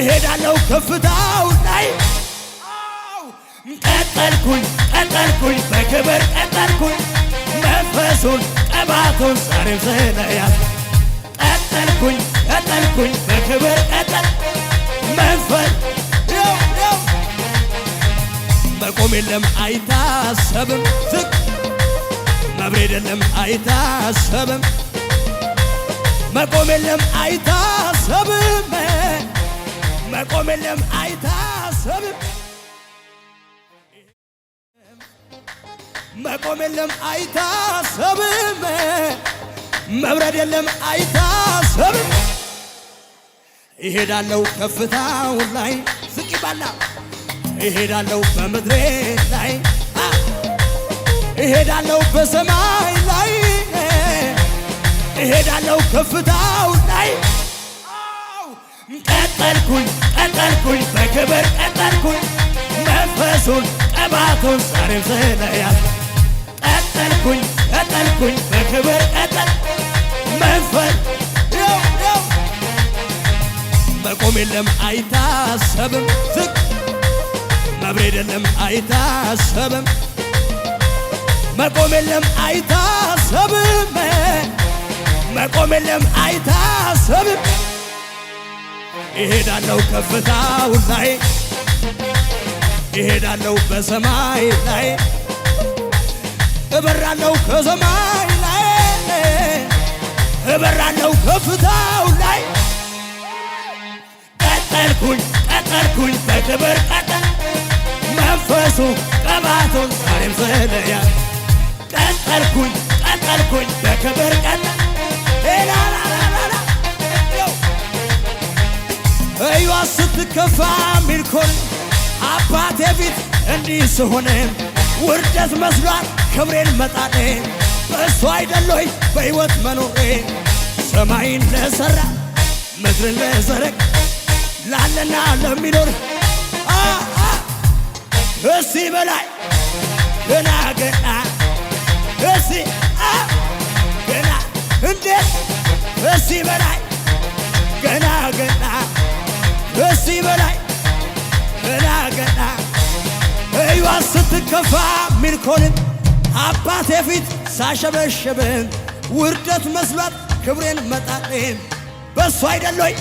እሄዳለሁ ከፍታው ላይ ቀጠልኩኝ ቀጠልኩኝ በክብር ቀጠልኩኝ መንፈሱን ጠባቱን ዛሬም ስለያዝ ቀጠልኩኝ ቀጠልኩኝ በክብር ቀጠል መንፈስ መቆም የለም አይታሰብም ዝቅ መብሬድ የለም አይታሰብም መቆም የለም አይታሰብም መቆም የለም አይታሰብም፣ መቆም የለም አይታሰብም፣ መብረድ የለም አይታሰብም። እሄዳለሁ ከፍታው ላይ ዝቅ ባላ እሄዳለሁ በምድሬ ላይ እሄዳለሁ በሰማይ ላይ እሄዳለሁ ከፍታውን ቀጠርኩኝ ቀጠርኩኝ በክብር ቀጠርኩኝ መንፈሱን ቅባቱን ዛሬም ስለያዝ ቀጠርኩኝ ቀጠርኩኝ በክብር ቀጠር መንፈስ መቆም የለም አይታሰብም ዝቅ መብሬድ የለም አይታሰብም መቆም የለም አይታሰብም መቆም የለም አይታሰብም እሄዳለሁ ከፍታው ላይ እሄዳለሁ በሰማይ ላይ እበራለሁ ከሰማይ ላይ እበራለሁ ከፍታው ላይ ቀጠልኩኝ ቀጠልኩኝ በክብር ቀጠል መንፈሱ ቀባቱን ዛሬም ስለያ ቀጠልኩኝ ቀጠልኩኝ በክብር ቀጠል ስትከፋ ሚልኮን አባቴ ፊት እንዲህ ስሆን ውርደት መስሏት ክብሬን መጣኔ በእሱ አይደለይ በሕይወት መኖሬ ሰማይን ለሠራ ምድርን ለዘረግ ላለና ለሚኖር እሲ በላይ ገና ገና እሲ ገና እንዴት እሲ በላይ ገና ገና ከዚህ በላይ ገና ሕይወት ስትከፋ ሚልኮንን አባቴ ፊት ሳሸበሸብን ውርደት መስሏት ክብሬን መጣጤን በሱ አይደለይ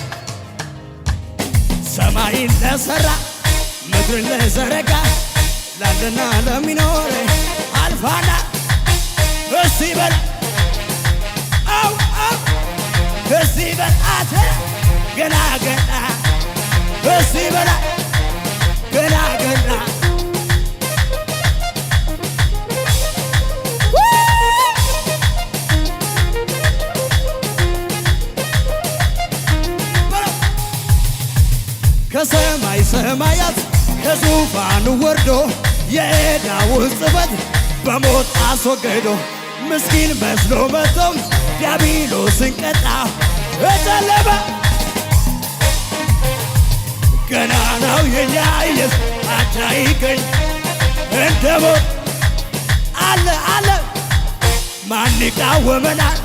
ሰማይን ለሰራ ምድርን ለዘረጋ ላለና ለሚኖር አልፋና እስቲ በላ ከሰማይ ሰማያት ከዙፋኑ ወርዶ የዕዳውን ጽሕፈት በሞት አስወገዶ ምስኪን መስሎ መጥቶ ዲያብሎስን ቀጣ በጨለማ ገናናው የኛ ኢየሱስ አታይገኝ እንደ ሞት አለ አለ ማን ይቃወመናል?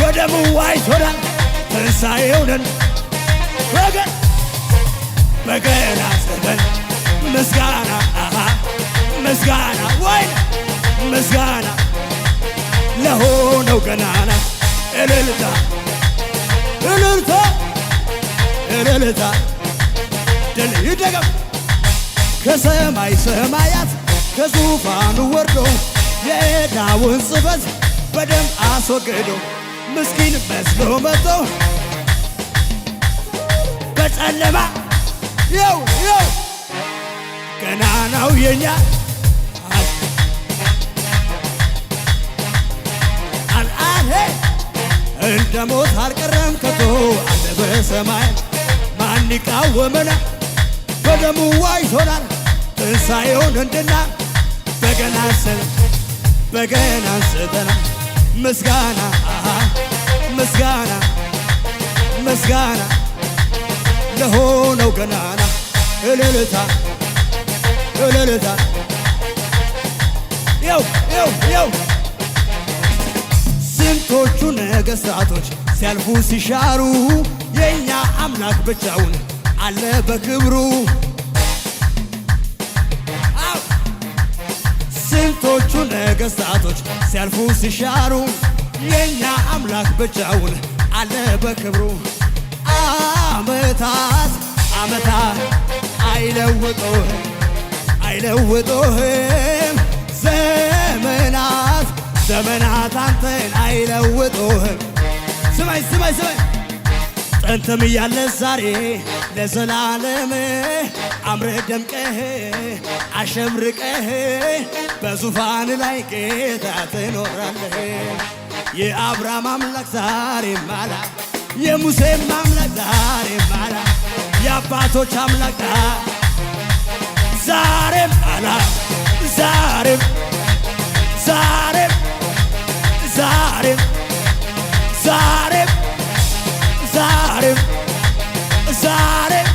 በደሙ ዋጅቶናል ትንሣኤው ወገን በገና ዘመች ምስጋና ምስጋና ወይ ምስጋና ለሆነው ገናና እልልታ እልልታ እልልታ ድል ይደገም ከሰማይ ሰማያት ከዙፋኑ ወርዶ የዕዳውን ጽሕፈት በደም አስወገዶ ምስኪን መስሎ መጥቶ በጨለማ ው ው ገናናው የኛ አልአንሄ እንደ ሞት አልቀረም ከቶ አለ በሰማይ ማን ይቃወመና በደሙ ዋጅቶናል ትንሣኤውን እንድና በገና ሰን በገና ሰተና ምስጋና ምስጋና ምስጋና ለሆነው ገናና እልልታ እልልታ ው ው ስንቶቹ ነገሥታቶች ሲያልፉ ሲሻሩ የእኛ አምላክ ብቻውን አለ በክብሩ። ስንቶቹ ነገሥታቶች ሲያልፉ ሲሻሩ የእኛ አምላክ ብቻውን አለ በክብሩ። አመታት አመታት አይለውጡህም አይለውጡህም ዘመናት ዘመናት አንተን አይለውጡህም። ስማኝ ስማኝ ስማኝ ጥንትም እያለ ዛሬ ለዘላለም አምረህ ደምቀህ አሸብርቀህ በዙፋን ላይ ጌታ ትኖራለህ። የአብርሃም አምላክ ዛሬም አላ የሙሴም አምላክ ዛሬም አላ የአባቶች አምላክ ዛሬም አላ ዛሬም ዛሬም ዛሬም ዛሬም ዛሬም ዛሬም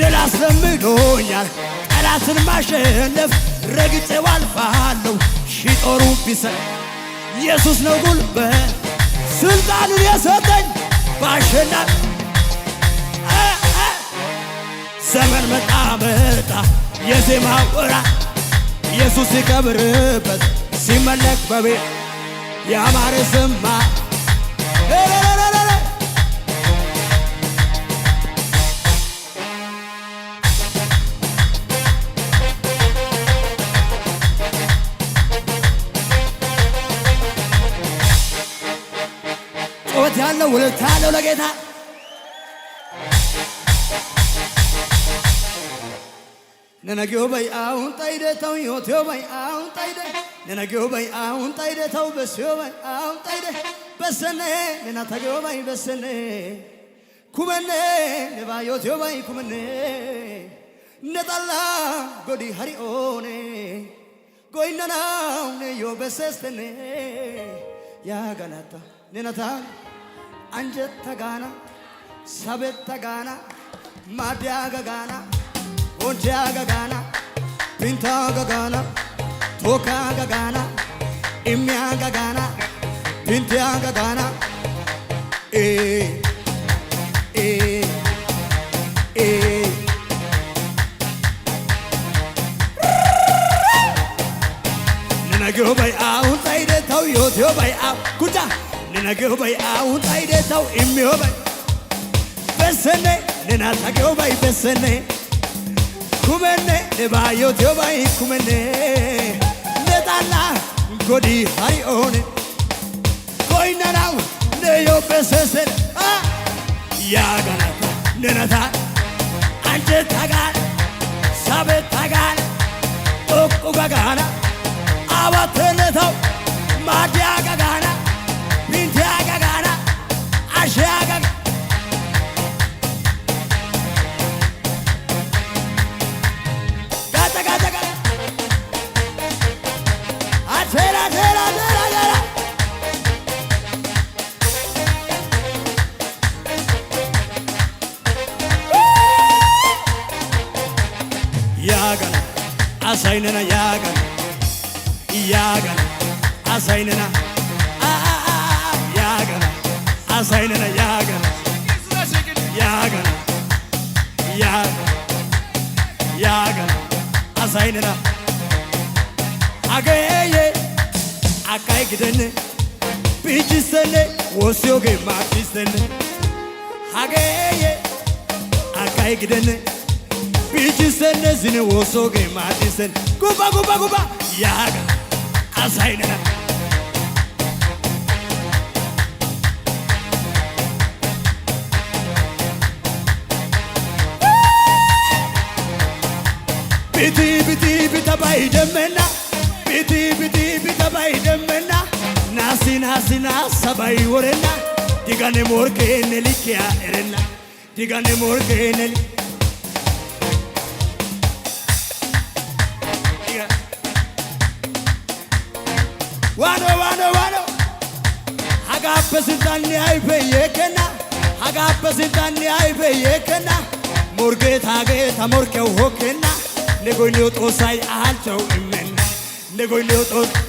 ድል አስለምዶኛል ጠላትን ማሸነፍ ረግጬው አልፋለሁ ሺህ ጦሩ ቢሰ ኢየሱስ ነው ጉልበት ስልጣኑን የሰጠኝ በአሸናፊ ዘመን መጣ መጣ የዜማ ወራት ኢየሱስ ሲከብርበት ሲመለክ በቤት ያማረ ዝማ ነነጌው በይ አሁን ጠይደተው ዮቴው በይ አሁን ጠይደ ነነጌው በይ አሁን ጠይደተው በስዮ በይ አሁን ጠይደ በሰነ ነናተጌው በይ በሰነ ኩመነ ነባ በይ ኩመነ ነጠላ ጎዲ ሀሪኦኔ ጎይነናው ነዮ በሰስተነ ያገናታ ነናታ አንጀት ተጋና ሰበት ተጋና ማዲያ ገጋና ወንጂያ ገጋና ፒንታ ገጋና ቶካ ገጋና ኢሚያ ገጋና ፒንቲያ ገጋና ንነግሁ በይ አሁን ጣይደተው ዮትዮ በይ አብ ጉዳ ንነግሁ በይ አሁን ጣይደተው ኢሚዮ በይ በሰነ nenatakeobai bessene kumenne nebaayotiobai kumenne nexalla godi hari oone koinanaw neyo bessesene yaaganata nenata anjettagaana sabettagaana xoqqu gagaana aawat tera, tera, tera, tera. Yaagana, asaynana yaagana, yaagana, asaynana, yaagana, asaynana yaagana, yaagana, yaagana, yaagana, asaynana, agaye. akkaayigidanne piichisenne woossiyoogee maaddissenne hageeyye akkaayigidanne piichisenne zine woossiyoogee maaddissenne gubba gubba gubba yaaga asaynana biti biti bita bayi demmeen እቲ ብቲ ብተባይ ደመና ናሲ ናሲና ሰባይ ወረና ዲጋኔ ሞርኬነ ልኪያ ኤረና ዲጋኔ ሞርኬነ ዋኖ ዋኖ ዋኖ ሀጋበ ስልጣን አይፈየከና ሀጋበ ስልጣን አይፈየከና ሞርጌታጌታ ሞርኬው ሆኬና ንጎኞ ጦሳይ አልቸው እመና le goy le otot